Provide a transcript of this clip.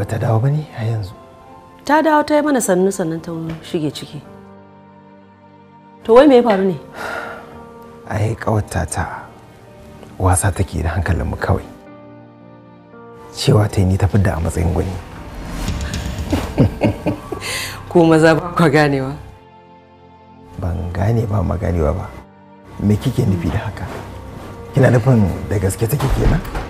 bata dawo ba ne a yanzu ta dawo ta yi mana sannu sannan ta shige ciki to wai me ya faru ne ai kawata ta wasa take da hankalinmu kawai cewa ta yi ni tafi da a matsayin gwani ko maza ba kwa ganewa ban gane ba ma ba me kike nufi da haka kina nufin da gaske take kenan